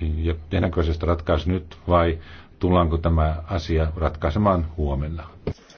ja todennäköisesti ratkaisu nyt vai tullaanko tämä asia ratkaisemaan huomenna?